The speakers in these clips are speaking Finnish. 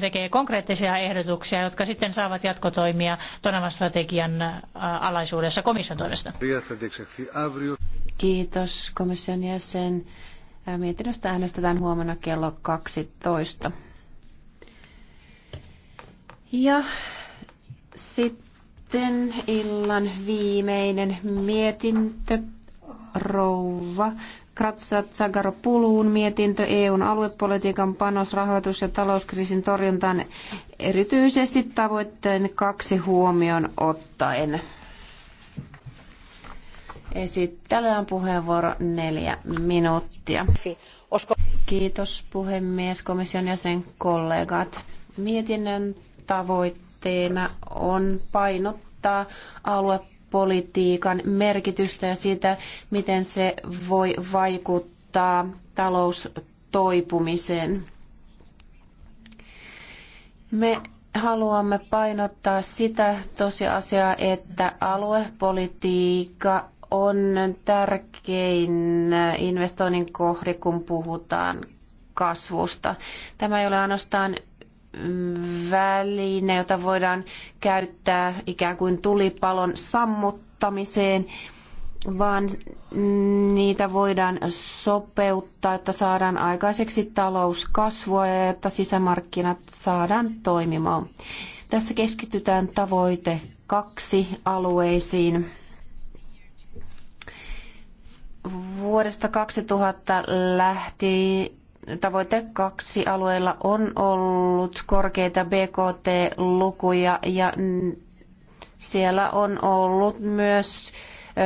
tekee konkreettisia ehdotuksia, jotka sitten saavat jatkotoimia Tonavan strategian alaisuudessa komission toimesta. Kiitos komission jäsen. Mietinnöstä äänestetään huomenna kello 12. Ja sitten illan viimeinen mietintö rouva Kratsa Tsagaropuluun mietintö EUn aluepolitiikan panos rahoitus- ja talouskriisin torjuntaan erityisesti tavoitteen kaksi huomioon ottaen. Esittelyä on puheenvuoro neljä minuuttia. Kiitos puhemies, komission jäsen kollegat. Mietinnön tavoitteena on painottaa aluepolitiikkaa politiikan merkitystä ja siitä, miten se voi vaikuttaa taloustoipumiseen. Me haluamme painottaa sitä tosiasiaa, että aluepolitiikka on tärkein investoinnin kohde, kun puhutaan kasvusta. Tämä ei ole ainoastaan väline, jota voidaan käyttää ikään kuin tulipalon sammuttamiseen, vaan niitä voidaan sopeuttaa, että saadaan aikaiseksi talouskasvua ja että sisämarkkinat saadaan toimimaan. Tässä keskitytään tavoite kaksi alueisiin. Vuodesta 2000 lähtien tavoite kaksi alueella on ollut korkeita BKT-lukuja ja siellä on ollut myös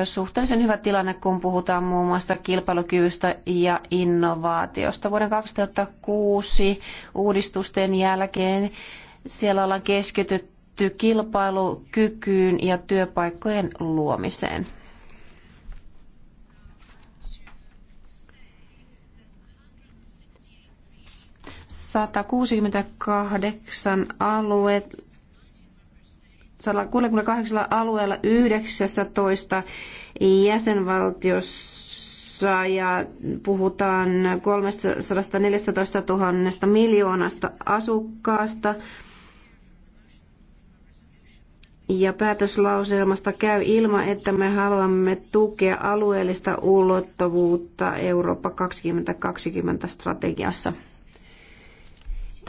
suhteellisen hyvä tilanne, kun puhutaan muun muassa kilpailukyvystä ja innovaatiosta. Vuoden 2006 uudistusten jälkeen siellä ollaan keskitytty kilpailukykyyn ja työpaikkojen luomiseen. 168 alueet, 168 alueella 19 jäsenvaltiossa ja puhutaan 314 000 miljoonasta asukkaasta. Ja päätöslauselmasta käy ilma, että me haluamme tukea alueellista ulottuvuutta Eurooppa 2020 strategiassa.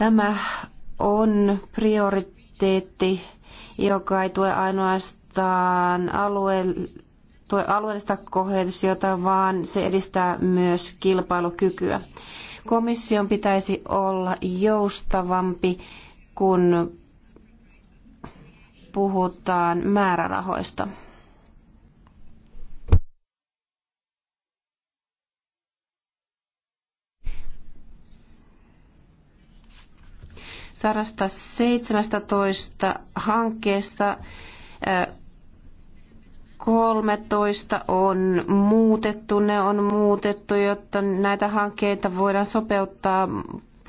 Tämä on prioriteetti, joka ei tue ainoastaan alue, tue alueellista kohesiota, vaan se edistää myös kilpailukykyä. Komission pitäisi olla joustavampi, kun puhutaan määrärahoista. 117 hankkeesta 13 on muutettu, ne on muutettu, jotta näitä hankkeita voidaan sopeuttaa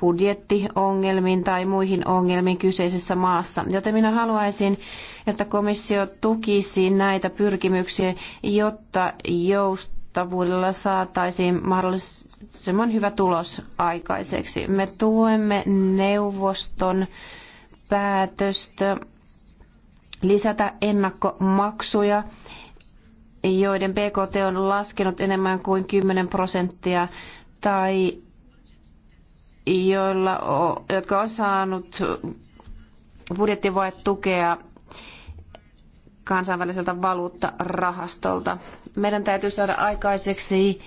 budjettiongelmiin tai muihin ongelmiin kyseisessä maassa. Joten minä haluaisin, että komissio tukisi näitä pyrkimyksiä, jotta joust vaikuttavuudella saataisiin mahdollisimman hyvä tulos aikaiseksi. Me tuemme neuvoston päätöstä lisätä ennakkomaksuja, joiden BKT on laskenut enemmän kuin 10 prosenttia tai joilla on, jotka on saanut budjettivaet tukea kansainväliseltä valuuttarahastolta meidän täytyy saada aikaiseksi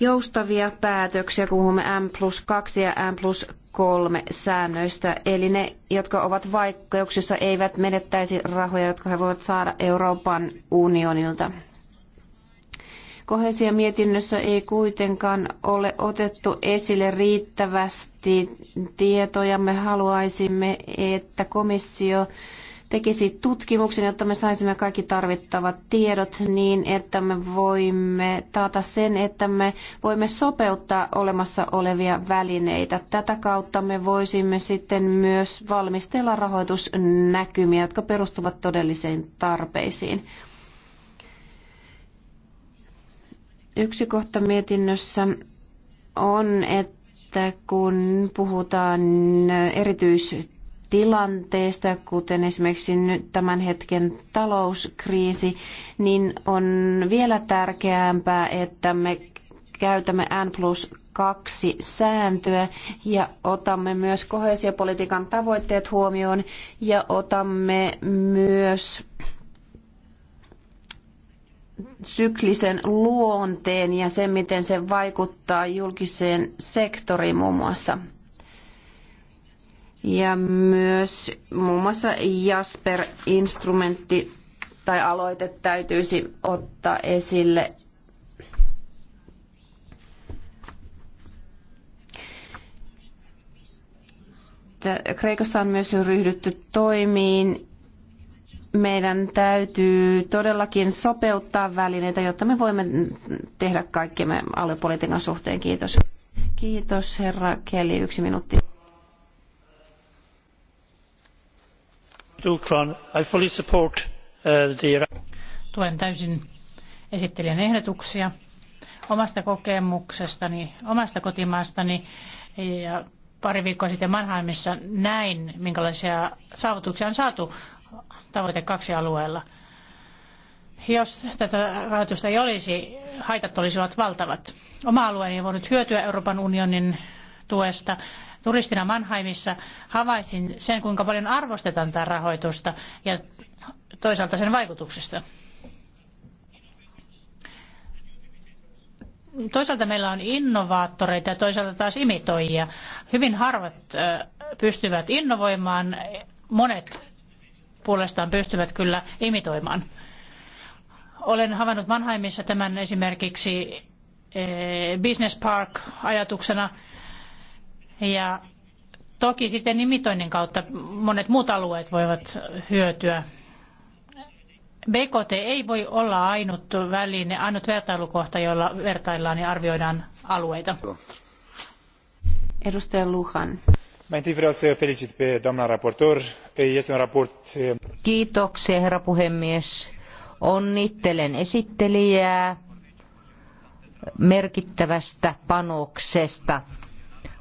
joustavia päätöksiä, kun puhumme M plus 2 ja M plus 3 säännöistä. Eli ne, jotka ovat vaikeuksissa, eivät menettäisi rahoja, jotka he voivat saada Euroopan unionilta. Kohesia mietinnössä ei kuitenkaan ole otettu esille riittävästi tietoja. Me haluaisimme, että komissio tekisi tutkimuksen, jotta me saisimme kaikki tarvittavat tiedot niin, että me voimme taata sen, että me voimme sopeuttaa olemassa olevia välineitä. Tätä kautta me voisimme sitten myös valmistella rahoitusnäkymiä, jotka perustuvat todellisiin tarpeisiin. Yksi kohta mietinnössä on, että kun puhutaan erityisyyttä tilanteesta, kuten esimerkiksi nyt tämän hetken talouskriisi, niin on vielä tärkeämpää, että me käytämme N plus kaksi sääntöä ja otamme myös kohesiopolitiikan tavoitteet huomioon ja otamme myös syklisen luonteen ja sen, miten se vaikuttaa julkiseen sektoriin muun muassa. Ja myös muun muassa Jasper-instrumentti tai aloite täytyisi ottaa esille. Kreikassa on myös ryhdytty toimiin. Meidän täytyy todellakin sopeuttaa välineitä, jotta me voimme tehdä kaikkemme aluepolitiikan suhteen. Kiitos. Kiitos herra Kelly. Yksi minuutti. Uh, Tuen täysin esittelijän ehdotuksia omasta kokemuksestani, omasta kotimaastani ja pari viikkoa sitten Mannheimissa näin, minkälaisia saavutuksia on saatu tavoite kaksi alueella. Jos tätä rahoitusta ei olisi, haitat olisivat valtavat. Oma alueeni on voinut hyötyä Euroopan unionin tuesta turistina Mannheimissa havaitsin sen, kuinka paljon arvostetaan tätä rahoitusta ja toisaalta sen vaikutuksesta. Toisaalta meillä on innovaattoreita ja toisaalta taas imitoijia. Hyvin harvat pystyvät innovoimaan, monet puolestaan pystyvät kyllä imitoimaan. Olen havainnut Mannheimissa tämän esimerkiksi Business Park-ajatuksena – ja toki sitten nimitoinnin kautta monet muut alueet voivat hyötyä. BKT ei voi olla ainut väline, ainut vertailukohta, jolla vertaillaan ja arvioidaan alueita. Edustaja Luhan. Eh, Kiitoksia, herra puhemies. Onnittelen esittelijää merkittävästä panoksesta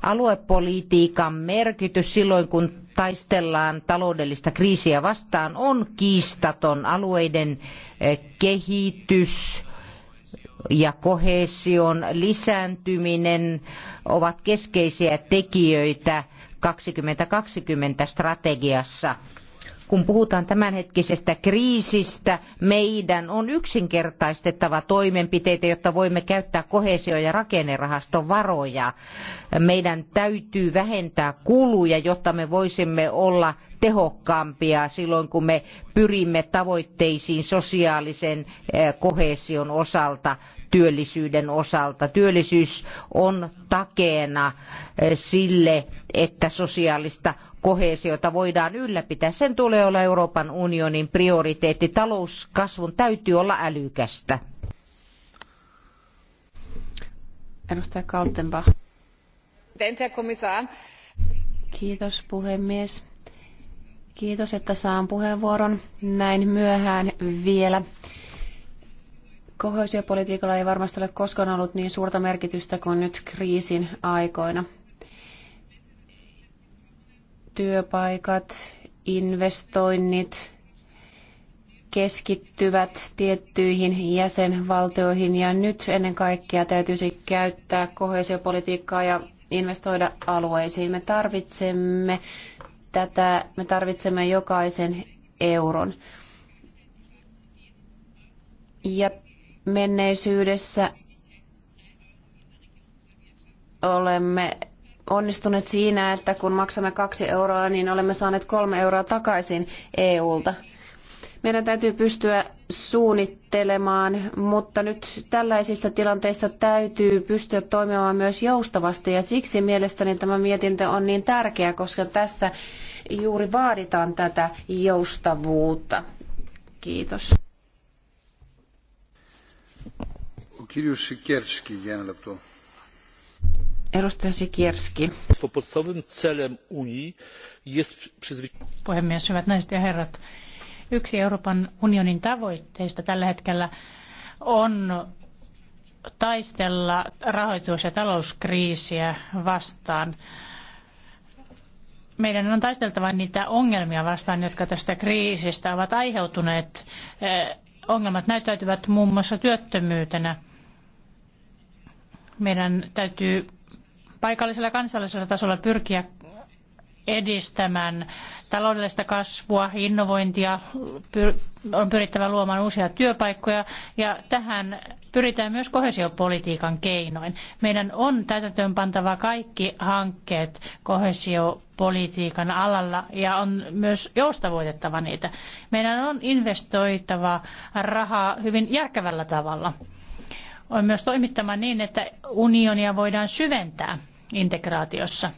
aluepolitiikan merkitys silloin, kun taistellaan taloudellista kriisiä vastaan, on kiistaton alueiden eh, kehitys ja kohesion lisääntyminen ovat keskeisiä tekijöitä 2020 strategiassa kun puhutaan tämänhetkisestä kriisistä, meidän on yksinkertaistettava toimenpiteitä, jotta voimme käyttää kohesio- ja rakennerahaston varoja. Meidän täytyy vähentää kuluja, jotta me voisimme olla tehokkaampia silloin, kun me pyrimme tavoitteisiin sosiaalisen eh, kohesion osalta työllisyyden osalta. Työllisyys on takeena eh, sille, että sosiaalista koheesiota voidaan ylläpitää. Sen tulee olla Euroopan unionin prioriteetti. Talouskasvun täytyy olla älykästä. Edustaja Kaltenbach. Kiitos puhemies. Kiitos, että saan puheenvuoron näin myöhään vielä. Kohoisiopolitiikalla ei varmasti ole koskaan ollut niin suurta merkitystä kuin nyt kriisin aikoina. Työpaikat, investoinnit keskittyvät tiettyihin jäsenvaltioihin ja nyt ennen kaikkea täytyisi käyttää kohesiopolitiikkaa ja investoida alueisiin. Me tarvitsemme tätä, me tarvitsemme jokaisen euron. Ja Menneisyydessä olemme onnistuneet siinä, että kun maksamme kaksi euroa, niin olemme saaneet kolme euroa takaisin EUlta. Meidän täytyy pystyä suunnittelemaan, mutta nyt tällaisissa tilanteissa täytyy pystyä toimimaan myös joustavasti ja siksi mielestäni tämä mietintö on niin tärkeä, koska tässä juuri vaaditaan tätä joustavuutta. Kiitos. Edustaja Sikierski. Podstawowym celem Unii jest Puhemies, hyvät naiset ja herrat. Yksi Euroopan unionin tavoitteista tällä hetkellä on taistella rahoitus- ja talouskriisiä vastaan meidän on taisteltava niitä ongelmia vastaan, jotka tästä kriisistä ovat aiheutuneet. Eh, ongelmat näyttäytyvät muun muassa työttömyytenä. Meidän täytyy paikallisella kansallisella tasolla pyrkiä edistämään taloudellista kasvua, innovointia, on pyrittävä luomaan uusia työpaikkoja ja tähän pyritään myös kohesiopolitiikan keinoin. Meidän on täytäntöönpantava kaikki hankkeet kohesiopolitiikan alalla ja on myös joustavoitettava niitä. Meidän on investoitava rahaa hyvin järkevällä tavalla on myös toimittava niin, että unionia voidaan syventää integraatiossa.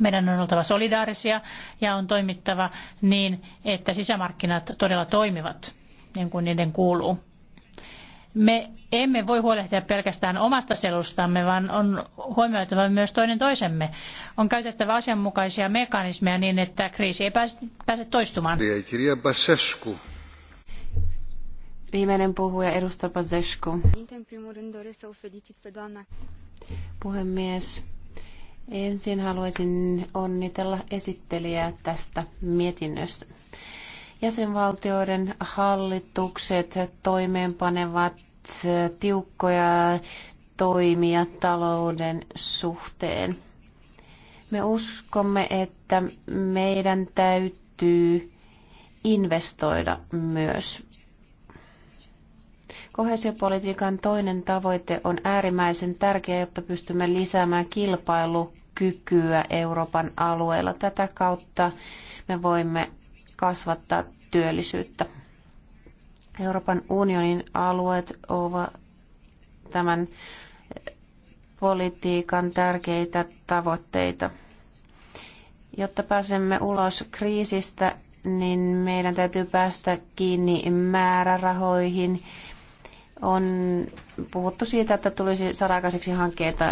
Meidän on oltava solidaarisia ja on toimittava niin, että sisämarkkinat todella toimivat niin kuin niiden kuuluu. Me emme voi huolehtia pelkästään omasta selustamme, vaan on huomioitava myös toinen toisemme. On käytettävä asianmukaisia mekanismeja niin, että kriisi ei pääse, toistumaan. Kirja Basescu. Viimeinen puhuja, edustaja Pazescu. Puhemies, ensin haluaisin onnitella esittelijää tästä mietinnöstä. Jäsenvaltioiden hallitukset toimeenpanevat tiukkoja toimia talouden suhteen. Me uskomme, että meidän täytyy investoida myös. Kohesiopolitiikan toinen tavoite on äärimmäisen tärkeä, jotta pystymme lisäämään kilpailukykyä Euroopan alueella. Tätä kautta me voimme kasvattaa työllisyyttä. Euroopan unionin alueet ovat tämän politiikan tärkeitä tavoitteita. Jotta pääsemme ulos kriisistä, niin meidän täytyy päästä kiinni määrärahoihin on puhuttu siitä, että tulisi saada aikaiseksi hankkeita,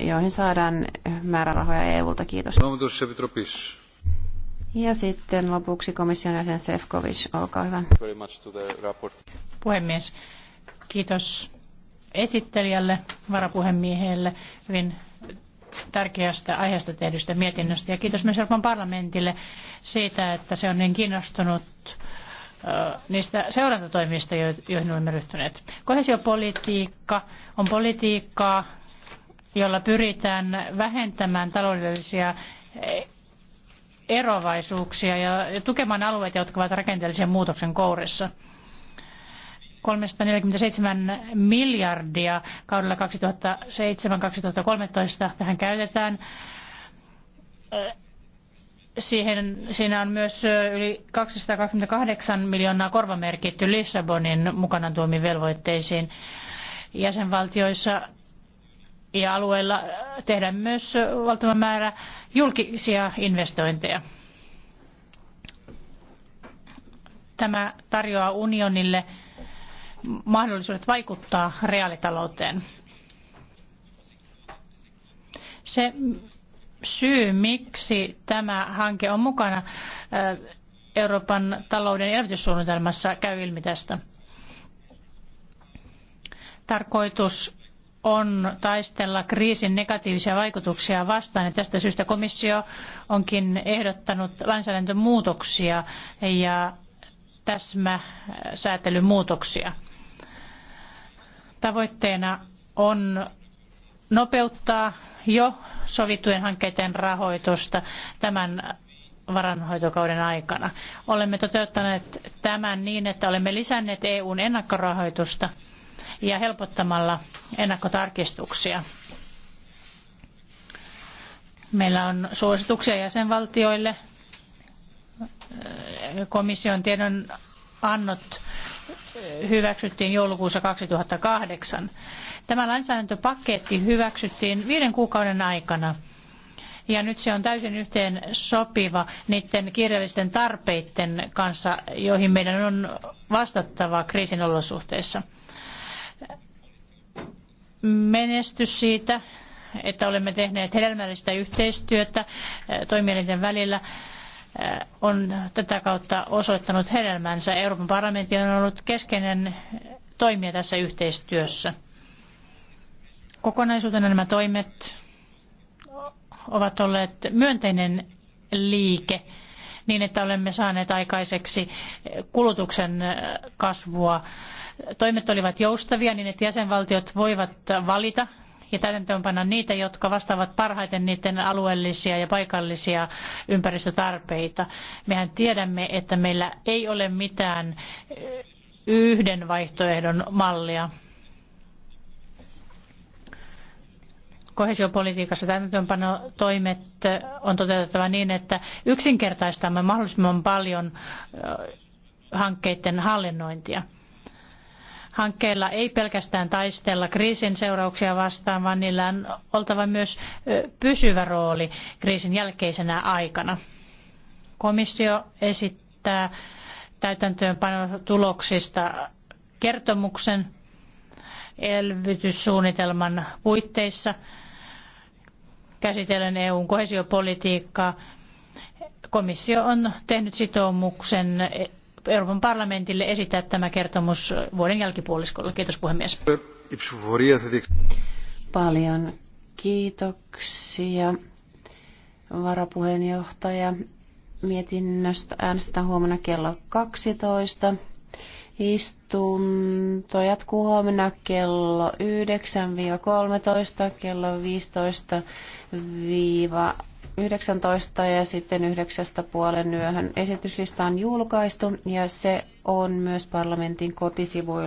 joihin saadaan määrärahoja EU-ta. Kiitos. Ja sitten lopuksi komission jäsen Sefkovic, olkaa hyvä. Puhemies, kiitos esittelijälle, varapuhemiehelle hyvin tärkeästä aiheesta tehdystä mietinnöstä ja kiitos myös Euroopan parlamentille siitä, että se on niin kiinnostunut niistä seurantatoimista, joihin olemme ryhtyneet. Kohesiopolitiikka on politiikkaa, jolla pyritään vähentämään taloudellisia e, erovaisuuksia ja tukemaan alueita, jotka ovat rakenteellisen muutoksen kourissa. 347 miljardia kaudella 2007-2013 tähän käytetään Siihen, siinä on myös yli 228 miljoonaa korvamerkitty Lissabonin mukana tuomiin velvoitteisiin. Jäsenvaltioissa ja alueilla tehdään myös valtava määrä julkisia investointeja. Tämä tarjoaa unionille mahdollisuudet vaikuttaa reaalitalouteen. Se, syy, miksi tämä hanke on mukana äh, Euroopan talouden elvytyssuunnitelmassa, käy ilmi tästä. Tarkoitus on taistella kriisin negatiivisia vaikutuksia vastaan. Ja tästä syystä komissio onkin ehdottanut lainsäädäntömuutoksia ja täsmäsäätelymuutoksia. Tavoitteena on nopeuttaa jo sovittujen hankkeiden rahoitusta tämän varanhoitokauden aikana. Olemme toteuttaneet tämän niin, että olemme lisänneet EUn ennakkorahoitusta ja helpottamalla ennakkotarkistuksia. Meillä on suosituksia jäsenvaltioille, komission tiedon annot hyväksyttiin joulukuussa 2008. Tämä lainsäädäntöpaketti hyväksyttiin viiden kuukauden aikana ja nyt se on täysin yhteen sopiva niiden kiireellisten tarpeiden kanssa, joihin meidän on vastattava kriisin olosuhteissa. Menestys siitä, että olemme tehneet hedelmällistä yhteistyötä eh, toimielinten välillä on tätä kautta osoittanut hedelmänsä. Euroopan parlamentti on ollut keskeinen toimija tässä yhteistyössä. Kokonaisuutena nämä toimet ovat olleet myönteinen liike niin, että olemme saaneet aikaiseksi kulutuksen kasvua. Toimet olivat joustavia niin, että jäsenvaltiot voivat valita ja täytäntöönpanna niitä, jotka vastaavat parhaiten niiden alueellisia ja paikallisia ympäristötarpeita. Mehän tiedämme, että meillä ei ole mitään eh, yhden vaihtoehdon mallia. kohesiopolitiikassa täytäntöönpanotoimet eh, on toteutettava niin, että yksinkertaistamme mahdollisimman paljon eh, hankkeiden hallinnointia. Hankkeilla ei pelkästään taistella kriisin seurauksia vastaan, vaan niillä on oltava myös pysyvä rooli kriisin jälkeisenä aikana. Komissio esittää täytäntöönpanotuloksista kertomuksen elvytyssuunnitelman puitteissa käsitellen EUn koheesiopolitiikkaa. Komissio on tehnyt sitoumuksen Euroopan parlamentille esittää tämä kertomus vuoden jälkipuoliskolla. Kiitos puhemies. Paljon kiitoksia varapuheenjohtaja. Mietinnöstä äänestetään huomenna kello 12. Istunto jatkuu huomenna kello 9-13, kello 15- 19 ja sitten yhdeksästä puolen yöhön. Esityslista on julkaistu ja se on myös parlamentin kotisivuilla.